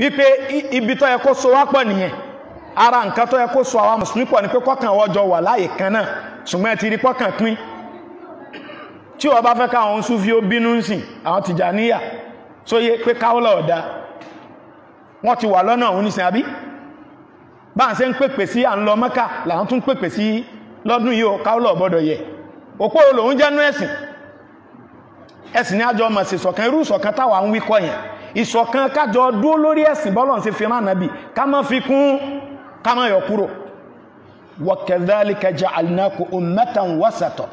wípé ibi tó yẹ kó so wá pọ̀ ara nǹkan tó yẹ kó so àwọn mùsùlùmí pọ̀ ní pé kọ́kàn wọ́n wà kan náà ṣùgbọ́n ẹ ti rí kọ́kàn pín tí wọ́n bá fẹ́ káwọn Súfí ó bínú ń sìn àwọn ti wà lọ́nà òun nísìn àbí bá ń ṣe ń pèpè sí à ń lọ Mẹ́kà làwọn tún pèpè sí lọ́dún yìí ó káwọ́lọ̀ ọ̀bọ̀dọ̀ yẹ òpó olóhun jẹ́nu ẹ̀sìn ẹ̀sìn ní àjọ ọmọ sí ṣọ̀kan irú ìṣọ̀kan kájọ dúó lórí ẹ̀sìn bọ́lọ̀n sí fìrán nàbì ká má fi kún ká má yọ kúrò wa kadhalika ja'alnakum ummatan wasata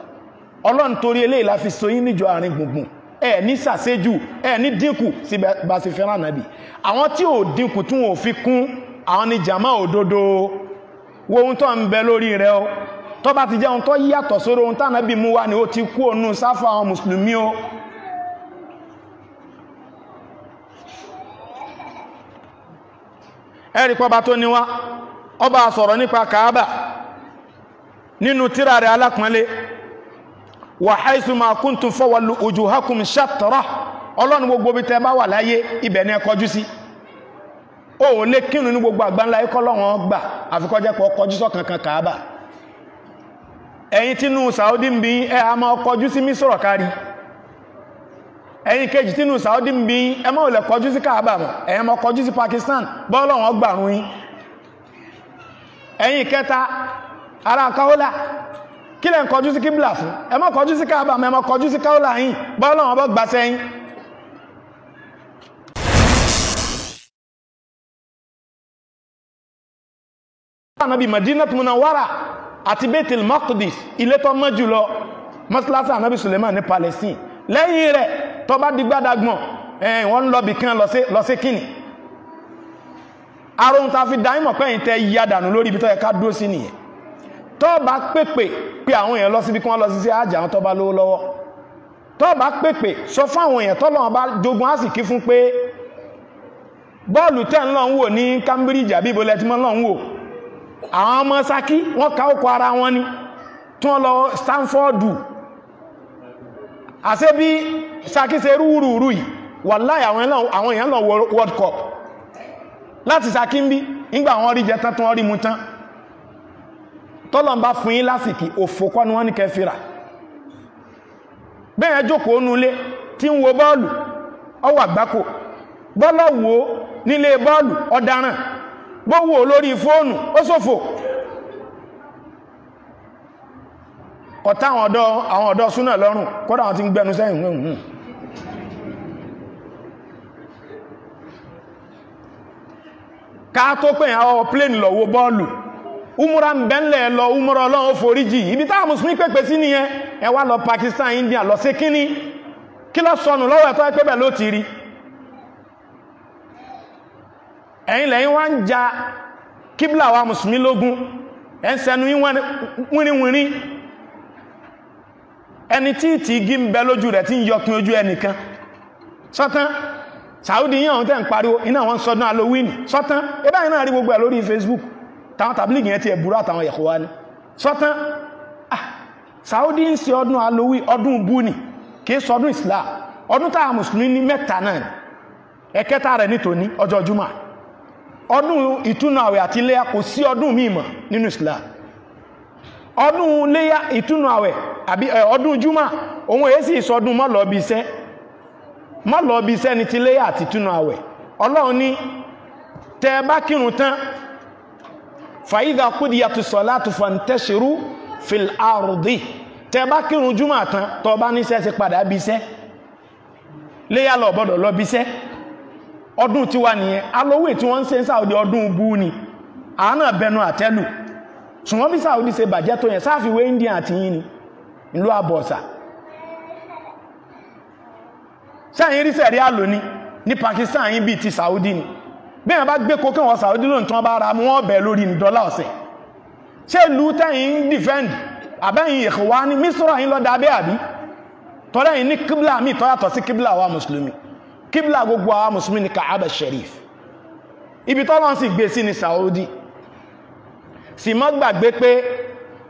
ọlọ́run torí eléyìí la fi so yín níjọ àárín gbùngbùn ẹ ní sàṣejù ẹ ní dínkù sí bá sí fìrán nàbì àwọn tí ò dínkù tí wọn ò fi kún àwọn ni jàmá òdodo wo ohun tó ń bẹ lórí rẹ o tó bá ti jẹ́ ohun tó yàtọ̀ sóró ohun tánàbì mú wa ni ó ti kú ònú sáfà àwọn mùsùlùmí o ẹ̀rí pọba tó níwá ọba sọ̀rọ̀ nípa kàábà nínú tírà rẹ̀ alápọ̀nlé wa haythu ma kuntum fawallu wujuhakum shatrah ọlọ́run gbogbo bí tẹ́ bá wà láyé ibẹ̀ ni ẹ e kọjú sí o ò lè kírun ní gbogbo àgbáńlá Saudi bí ẹ a máa ẹ̀yin kejì tínú Saudi ń bí ẹ mọ́ olè kọjú sí Kaaba mọ́ ẹ̀yin mọ́ kọjú sí Pakistan bọ́ọ̀lọ̀ wọn gbàrún yín ẹ̀yin kẹta ara kaola kí lẹ́ ń kọjú sí kíbla fún ẹ mọ́ kọjú sí Kaaba mọ́ ẹ mọ́ kọjú sí kaola yín bọ́ọ̀lọ̀ wọn bọ́ gbàṣẹ́ yín anabi madinat munawara àti betel maqdis ilé tó mọ́ jùlọ mọ́sálásí anabi suleiman ní palestine lẹ́yìn rẹ̀ tó bá di gbádàgbọ̀n wọ́n ń lọ bì kan lọ sí kíni ara ohun ta fi dá ìmọ̀ pẹ́yìn tẹ yíya dànù lórí ibi tó yẹ ká dúró sí nìyẹn tó bá pèpè pé àwọn èèyàn lọ síbi kí wọ́n lọ sí sí àjà àwọn tó bá lówó lọ́wọ́ tó bá pèpè sọ fún àwọn èèyàn tó lọ́wọ́ bá jogun àsìkí fún pé bọ́ọ̀lù tẹ́ ń lọ ń wò ní Cambridge àbí ibo lẹ́tí mọ́ ń wò àwọn ọmọ Ṣakí wọ́n ká òkú ara wọn ni tí wọ́n lọ Stanford àṣẹ bí Ṣakí rúrúurú yìí wàláì àwọn èèyàn lọ World Cup láti Ṣakí ń bí nígbà wọn rí jẹ tán tán rí mu fún yín lásìkí òfò ni wọ́n ní kẹfìrà bẹ́ẹ̀ jókòó nulé tí ń wo bọ́ọ̀lù ọwà gbákò bọ́lọ̀wò nílé bọ́ọ̀lù ọ̀daràn lórí fóònù ọ̀tá àwọn ọ̀dọ́ àwọn ọ̀dọ́ súnà lọ́rùn kọ́dà àwọn tí ń gbẹnu sẹ́yìn hùn ká tó pè àwọn pleni lọ wo bọ́ọ̀lù umura ń bẹ́ńlẹ̀ lọ umura ọlọ́run foríjì ibi táwọn musulmi pèpè sí nìyẹn ẹ wá lọ Pakistan India lọ sí kíní kí lọ sọnù lọ́wọ́ ẹ̀tọ́ ló ti rí lẹ́yìn wá ń ẹni tí ìtì igi ń bẹ lójú rẹ̀ tí ń ojú ẹnìkan sọ́tán Saudi yàn tẹ́ ń pariwo iná wọn sọdún Halloween sọ́tán ẹbá iná rí gbogbo ẹ̀ lórí Facebook tàwọn tàbílìgì yẹn ti ẹ̀bùrú àtàwọn ẹ̀kọ́ wá ní sọ́tán ah Saudi ń ọdún alowi ọdún buni Islam ọdún mùsùlùmí ní mẹ́ta náà ní tòní ọjọ́ àbí ọdún júmà òun èé sì sọdún mọ́ lọ bí iṣẹ́ mọ́ lọ bí iṣẹ́ ni ti léyà àti túnú àwẹ̀ ọlọ́run ní tẹ bá kírun tán fàyídà kúdìyàtú sọ̀látù fàǹtẹ́ṣirú fil ardi tẹ bá kírun júmà tán tọ bá níṣẹ́ ti padà bí iṣẹ́ léyà lọ bọ́dọ̀ lọ bí iṣẹ́ ọdún tí wà nìyẹn alówè tí wọ́n ń ṣe ń sáà ọdún bú ni àánà bẹnu àtẹ́lù ṣùgbọ́n bí sáà ó bàjẹ́ tó yẹn sáàfiwé India àti yìí ni ìlú àbọ̀sà sẹ́yìn rí sẹ̀rí àlò ní ní Pakistan yìí bí ti Saudi ni bí wọ́n bá gbé kókè wọ́n Saudi lónìí tí wọ́n bá ra mú ọ̀bẹ̀ lórí ní dọ́là ọ̀sẹ̀ ṣé ìlú tẹ́yìn ń defend àbẹ́yìn ìkọ̀wá ní Misra yìí lọ́dà abẹ́ àbí tọ́lẹ́yìn ní kíblà míì tọ́yàtọ̀ sí kíblà wa mùsùlùmí kíblà gbogbo àwa mùsùlùmí ni Kaaba sherif. ibi tọ́lọ́n sì gbé sí ni Saudi sì mọ́ gbàgbé pé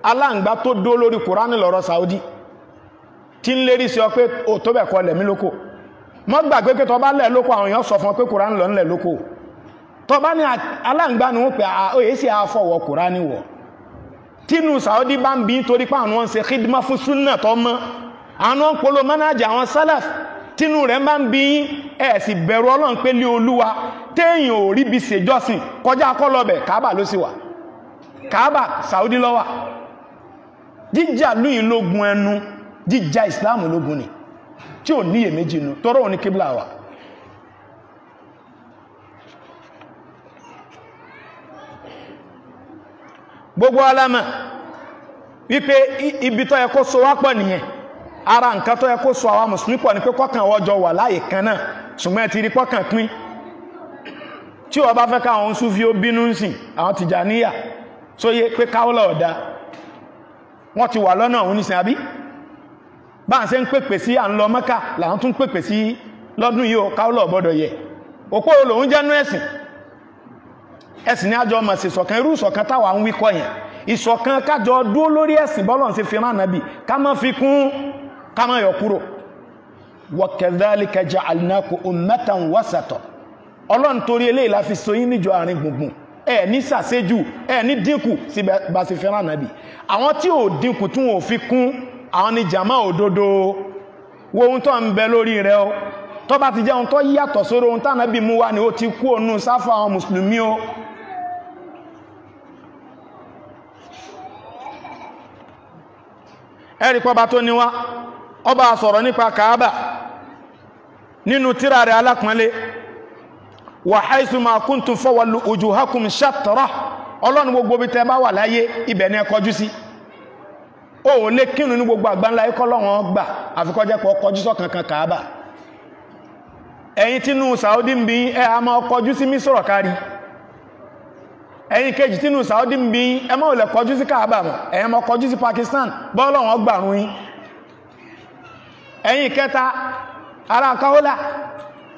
aláǹgbá tó dó lórí kùránì lọ́rọ̀ Saudi tí ń lérí sí ọ pé ò tó bẹ̀ kọ lẹ̀mí lóko mọ́ gbàgbé pé tọba lẹ̀ lóko àwọn èèyàn sọ fún ọ pé kùránì lọ nílẹ̀ lóko tọba ní aláǹgbá ni wọ́n pè àóyè sí àfọwọ́ kùránì wọ̀ tínú Saudi bá ń bí torí pé àwọn ń ṣe khidma fún súnà tó mọ́ àwọn ń polo mánàjà àwọn sálàf tínú rẹ̀ bá ń bí ẹ̀ sì bẹ̀rù Ọlọ́run pé lé Olúwa téèyàn ò ríbi ṣèjọ́sìn kọjá kọ́lọ́bẹ̀ Kaaba ló sì wà Kaaba Saudi ló jíjà lú ìlógún ẹnu jíjà islam lógún ni tí ò níyè méjì nù tọ́rọ òní kíblà wà gbogbo alámà wípé ibi tó yẹ kó so wá pọ̀ nìyẹn ara nǹkan tó yẹ kó so àwa mùsùlùmí pọ̀ ní pé kọ́kàn wọ́jọ wà láàyè kan náà ṣùgbọ́n ẹ ti rí kọ́kàn pín tí wọ́n bá fẹ́ káwọn Súfí ó bínú ń sìn àwọn Tìjàníyà sóyé pé káwọ́lọ̀ ọ̀dá wọ́n ti wà lọ́nà òun nìsìn àbí bá ń ṣe ń pèpè sí à ń lọ mọ́kà làwọn tún pèpè sí lọ́dún yìí ó káúlọ̀ gbọ́dọ̀ yẹ òpó olóhun jẹ́nu ẹ̀sìn ẹ̀sìn ní àjọ ọmọ sí ìṣọ̀kan irú ìṣọ̀kan táwa ń wíkọ yẹn ìṣọ̀kan kájọ dúó lórí ẹ̀sìn bọ́lọ̀ sí fi ránà bí ká má fi kún ká má yọ kúrò wa kadhalika ja'alnakum ummatan wasata ọlọ́run torí eléyìí la fi so yín níjọ àárín gbùngbùn ẹ ní sàṣejù ẹ ní dínkù sí bá ṣe fẹ́ràn nàbì àwọn tí ò dínkù tún ò fi kún àwọn ni jàmá òdodo wo ohun tó ń bẹ lórí rẹ o tó bá ti jẹ́ ohun tó yàtọ̀ sóró ohun tánàbì mú wá ni ó ti kú ònú sáfà àwọn mùsùlùmí o ẹ̀rí pọ́ba tó ọba sọ̀rọ̀ nípa kàábà nínú tírà rẹ̀ alápọ̀nlé wàháìsù máa kún tún fọ́wọ́lú ojú hakùn ṣàtọ́rọ̀ ọlọ́run gbogbo bí bá wà láyé ibẹ̀ ní o ò lè ní gbogbo àgbáńlá ikọ́ lọ́wọ́n gbà kàábà Saudi ń ẹ a máa kọjú sí kárí kejì tínú Saudi ń ẹ máa lè kọjú sí kàábà mọ̀ máa kọjú sí Pakistan bọ́ọ̀lọ́wọ́n gbàrún yín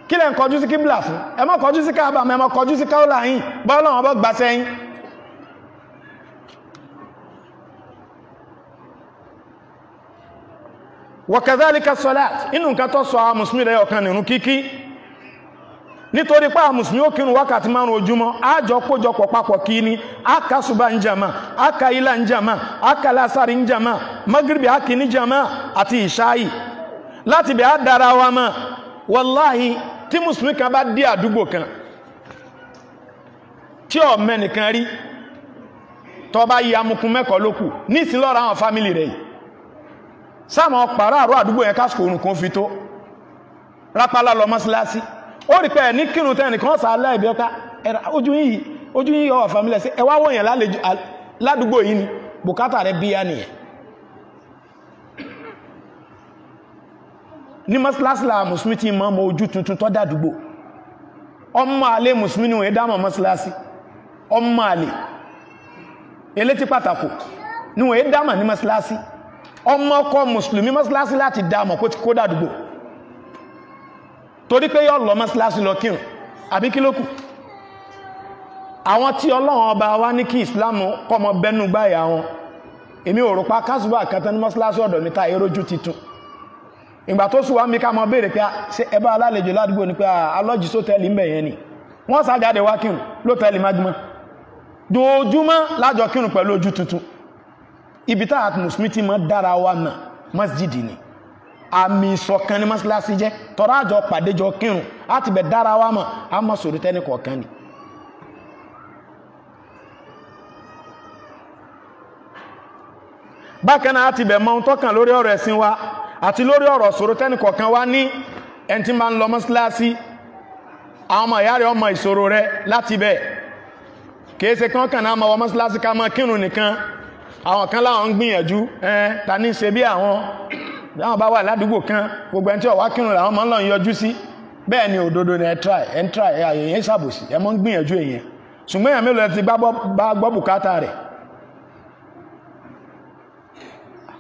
kí lẹ́ ń kọjú sí kíbìlà fún ẹ má kọjú sí káàbà mẹ́ má kọjú sí káòlà yìí bọ́ọ̀lọ́ wọn bọ́ gbà sẹ́yìn wọ̀kẹ̀dálíkà sọ́láàt inú nǹkan tó sọ àwọn musulmi rẹ̀ ọ̀kan nìrún kíkí nítorí pé àwọn musulmi ó kírun wákàtí márùn ojúmọ́ àjọ kójọpọ̀ papọ̀ kí ni aka suba ń jama aka ilá ń jama aka lásàrí ń jama magribi aki ní jama àti ìṣáyì láti bẹ̀ á dára wa mọ́ wàláhì tí mùsùlùmí kan bá dé àdúgbò kan tí ó mẹ́nìkan rí tó bá yí amukun mẹ́kọ̀ọ́ lókù nísìn lọ́ra àwọn fámílì rẹ̀ yìí sáàmà pàárọ̀ àrọ̀ àdúgbò yẹn kásìkò orun kan fi tó rápálá lọ mọ́síláṣí ó rí pé ní kírun tẹ́ nìkan sá aláìbí ọká ojú yìí ọwà fámílì sí ẹwà wọ̀nyàn ládùúgbò yìí ni bùkátà rẹ̀ bíyà nìyẹn ní mọ́sílásílá mùsùlùmí ti mọ́ mọ́ ojú tuntun tọ́ dàdúgbò ọmọ alẹ́ mùsùlùmí ni wọ́n dámọ̀ mọ́sílásí ọmọ alẹ́ elétí pàtàkù ni wọ́n dámọ̀ ní mọ́sílásí ọmọ ọkọ̀ mùsùlùmí mọ́sílásí láti dámọ̀ kó ti kó dàdúgbò torí pé yọ́ lọ mọ́sílásí lọ kírun àbí kí ló kù àwọn tí ọlọ́run ọba wa ní kí ìsìláàmù kọ́mọ bẹ́nu gbáyà wọn èmi òrùpa kásùbà kẹta ní mọ́sílásí ọ̀dọ̀ níta erójú titun ìgbà tó sùn wá mi ká mọ béèrè pé ṣe ẹ bá alálejò ládùúgbò ni pé alọ́jì sótẹ́ẹ̀lì ń bẹ̀ yẹn ni wọ́n sájáde wá kírun lótẹ́ẹ̀lì mágbọ́n dojúmọ́ lájọ kírun pẹ̀lú ojú tuntun ibi tá àti mùsùlùmí ti mọ́ dára wa nà mọ́síjìdì ni àmì ìṣọ̀kan ni mọ́síláṣí jẹ́ tọ́rọ àjọ pàdéjọ kírun láti bẹ̀ dára wa mọ̀ á mọ̀ sọ̀rọ̀ tẹ́ni bákan náà á ti bẹ̀ mọ́ ohun tọ́kàn lórí ọ̀rọ̀ ẹ̀sìn wa àti lórí ọ̀rọ̀ ṣòro tẹ́nìkọ̀ọ̀kan wá ní ẹni tí máa ń lọ mọ́síláàsì àwọn ọmọ ìyá rẹ̀ ọmọ ìṣòro rẹ̀ láti bẹ̀ kìí ṣe kán kàn náà mọ́ mọ́síláàsì ká máa kírun nìkan àwọn kan láwọn ń gbìyànjú ẹn ta ní ṣe bí àwọn láwọn bá wà ládùúgbò kan gbogbo ẹni tí ó kírun làwọn máa ń lọ yọjú sí bẹ́ẹ̀ ni òdodo ni ẹ try ẹ try ẹ àyè yẹn ṣàbòsí ẹ mọ́ ń gbìyànjú èèyàn ṣùgbọ́n èèyàn mélòó ẹ ti bá gbọ́ bùkátà rẹ̀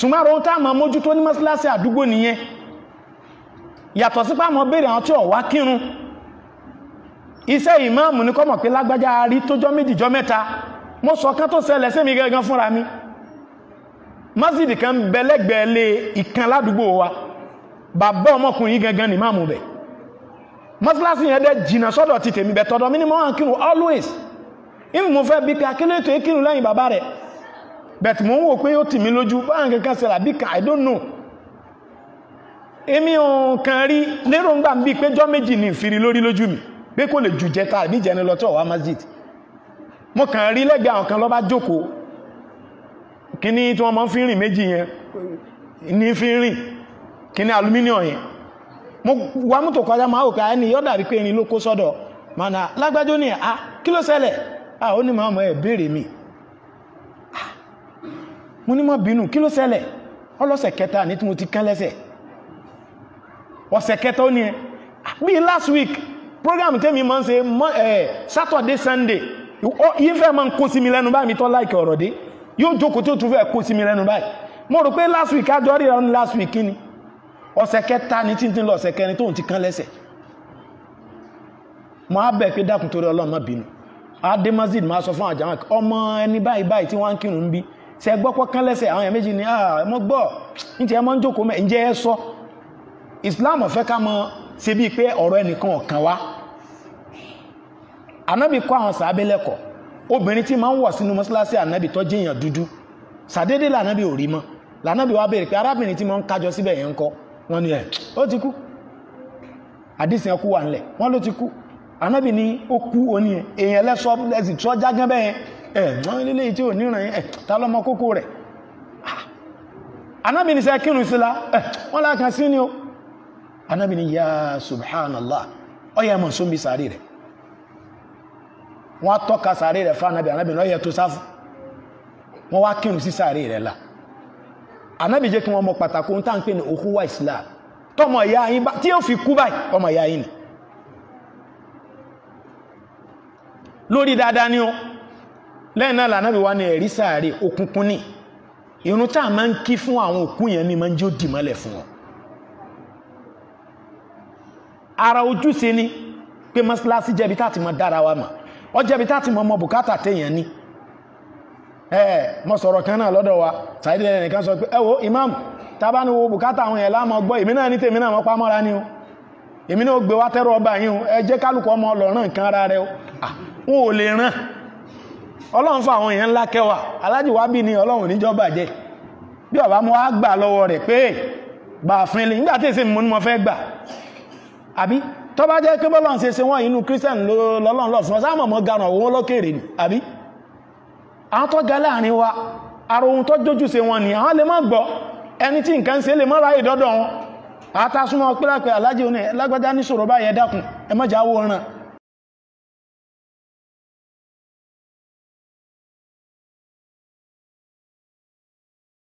ṣùgbọ́n àwọn tá àmọ́ mójútó ní mọ́síláṣí àdúgbò nìyẹn yàtọ̀ sí pàmọ́ béèrè àwọn tí ò wá kírun iṣẹ́ ìmáàmù ní kọ́mọ̀ pé lágbájá rí tójọ́ méjìjọ́ mẹ́ta mo sọ kán tó ṣẹlẹ̀ sí mi gangan fúnra mi mọ́sídì kan bẹ̀lẹ́gbẹ̀ẹ́ lé ìkan ládùúgbò wa bàbá ọmọkùnrin gangan ní máàmù bẹ̀ mọ́síláṣí yẹn dẹ̀ jìnà sọ́dọ̀ ti tèmi bẹ̀ tọ́dọ̀ mi ni mo hàn kírun always ìmú mo fẹ́ bí pé akílẹ̀ ètò ìkírun lẹ́yìn bàbá bẹ̀t mo ń wò pé ó tì mí lójú báyìí kankan i know èmi ò rí lérògbà ń bí péjọ́ méjì ní ìfiri lórí lójú mi pé kò lè jù jẹta àbí masjid mo kàn rí lẹ́gbẹ̀ẹ́ àwọn kan ló jókòó kíní tí wọ́n máa fi rìn méjì yẹn ní fi rìn kíní yẹn mo wá mọ́tò kọjá máa wò pé ẹni yọ́dà rí pé irin ló kó sọ́dọ̀ mọ́nà lágbájó ní à kí mo ní mọ́ bínú kí ló ṣẹlẹ̀ ọlọ́sẹ̀ kẹta ní tí mo ti kán ọ̀sẹ̀ kẹta ó ní ẹ bí i last week program tẹ́mi máa ń eh, Saturday Sunday yí fẹ́ máa ń kó sí mi lẹ́nu báyìí mi tọ́ láìkẹ̀ ọ̀rọ̀ dé yóò jókòó tí ó tún fẹ́ kó sí mi lẹ́nu báyìí mo rò pé last week ájọ́ ríra ní last week ni ọ̀sẹ̀ kẹta ní tí ń tí ń lọ ọ̀sẹ̀ kẹrin tóun ti kán lẹ́sẹ̀ mo á bẹ̀ pé dákun torí Ọlọ́run má bínú adé mazid máa sọ fún àjàmọ́ ọmọ ẹni báyìí báyìí tí wọ́n ń kírun ń bí ṣe gbọ́ pọ́ kán lẹ́sẹ̀ àwọn èèyàn ni ẹmọ́ ah, gbọ́ ní ti ẹmọ́ ń jókòó mẹ́ ǹjẹ́ ẹ Islam fẹ́ ká mọ ṣe bíi pé ọ̀rọ̀ ẹnìkan ọ̀kan wá anábì kọ́ àwọn sàábẹ́ lẹ́kọ̀ọ́ obìnrin tí máa ń wọ̀ sínú mọ́ṣáláṣí anábì tó jẹ́yàn dúdú sàdédé lànábì ò rí mọ́ lànábì wá béèrè pé arábìnrin tí máa ń kájọ síbẹ̀ yẹn ń kọ́ wọ́n ní ẹ̀ ó ti kú àdìsìn ẹkú wà ńlẹ̀ wọ́n ló ti kú anábì ní ó kú oníyẹn èèyàn lẹ́sọ́ lẹ́sìn tí wọ́n jágán bẹ́yẹn ẹ̀ wọ́n lílé tí ò níran ẹ̀ ta lọ́mọ kókó rẹ̀ anábì ah, ní sẹ́ kírun sílá ẹ̀ wọ́n lákan sí ni ó anábì ya subhanallah ọyẹ mọ̀ sún bí sàárì rẹ̀ wọ́n tọ́ka sàárì rẹ̀ fánábì anábì ní ọyẹ tó sáfù wọ́n wá kírun sí sàárì rẹ̀ la anábì jẹ́ kí wọ́n mọ pàtàkì ohun tá à ń pè ní òkúwà islam tọmọ ìyá yín tí ó fi kú báyìí ọmọ ìyá lórí dáadáa ni ó lẹ́yìn náà lànàbí wà ní ẹ̀rí sàárè òkùnkùn ní irun tá a máa ń kí fún àwọn òkú yẹn ní máa ń fún wọn ara ojúṣe ni pé mọ́sálásí jẹ́bi tá ti mọ dára wa mọ̀ ọ́ jẹ́bi tá ti mọ ọmọ bùkátà téèyàn ni. ẹ mọ sọ̀rọ̀ kan náà lọ́dọ̀ wa sàídì nìkan sọ pé ẹ wo imam ní wo bùkátà àwọn yẹn láàmú ọgbọ́ èmi náà ní tèmi ni ọlọ́run fún àwọn èèyàn ńlá kẹwàá alájì wá bí ní ọlọ́run níjọba jẹ bí ọba mo wá gbà lọ́wọ́ rẹ̀ pé gbà fún ilé nígbà tí èsì mo ní mo fẹ́ gbà àbí tó bá jẹ́ pé bọ́lọ́run ṣe ṣe wọ́n inú christian lọ́lọ́run lọ fún sáàmọ̀ mọ́ garan owó lókèrè ni àbí àwọn tó ga láàrin wa ara ohun tó jójú ṣe wọn ni àwọn lè má gbọ́ ẹni tí nǹkan ṣe lè má ráyè dọ́dọ̀ wọn àtàsúnmọ́ pẹ́lápẹ́ alájì oní lágbájá ní ṣòro